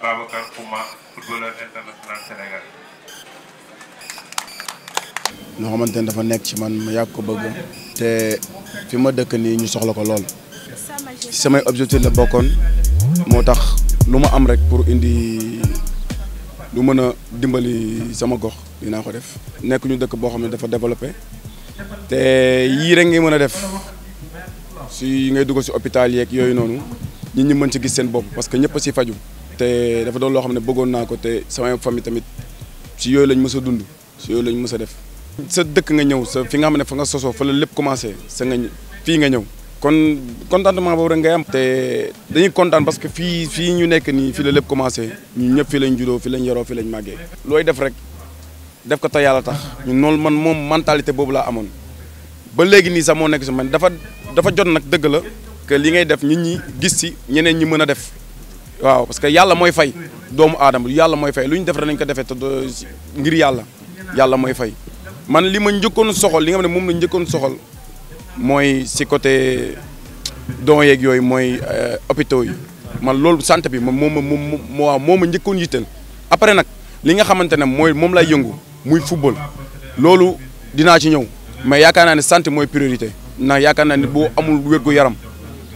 Babacar kuma footballeur international Sénégal. loo xamante ne dafa nekk ci man ma yàgg ko bëgg te fima ma dëkk nii ñu soxla ko lool ci samay objectif la bokkoon moo tax am rek pour indi lu mën dimbali sama gox Ina ko def nekk ñu dëkk boo xam dafa développé te yii rek ngay def si ngay dugg si hôpital yeeg yooyu noonu nit ñi mën ci gis seen bopp parce que ñëpp faju té dafa doon lo xamné ne bëggoon naa ko té sama famille tamit ci yoy lañu mësa dund ci yoy lañu mësa def sa dëkk nga ñëw sa fi nga xamné fa nga soso fa la lepp commencé sa nga fi nga ñëw kon contentement bo rek ngay am té dañuy kontaan parce que fi fi ñu nekk ni fi la lepp commencé ñu ñëpp fi lañu juddoo fi lañu yoro fi lañu maggé loy def rek def ko ta yalla tax ñu nol man mom mentalité bobu la amone ba légui ni sa mo nekk sama dafa dafa jot nak dëgg la ke li ngay def nit ñi gis ci ñeneen ñi mëna def waaw parce que yàlla mooy fay doomu aadama yàlla mooy fay lu ñu def nañ ko defee te ngir yàlla yàlla mooy fay man li ma njëkkoon soxal li nga xam ne moom la njëkkoon soxal mooy si côté don yeeg yooyu mooy euh, hôpitaux yi man loolu santé bi man moo ma moo waaw njëkkoon yitteel après nag li nga xamante ne mooy moom lay yëngu muy football loolu dinaa ci ñëw mais yaakaar naa ne santé mooy priorité ndax yaakaar naa ne boo amul wérgu yaram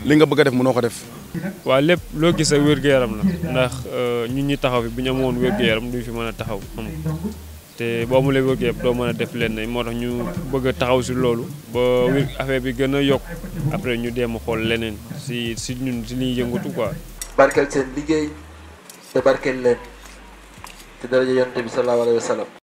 li nga bëgg a def mënoo ko def waaw lépp loo gis ak wér-gu-yaram la ndax euh, ñun ñi taxaw fi bu ñu amoon wér-gu-yaram duñ fi mën a taxaw xam te boo mu wér-gu-yaram doo mën a def lenn moo tax ñu bëgg a taxaw si loolu ba wér affaire bi gën a yokk après ñu dem xool leneen si si ñun si liy yëngatu quoi. barkeel seen liggéey te barkeel leen te daraja yonte bi sallallahu alayhi wa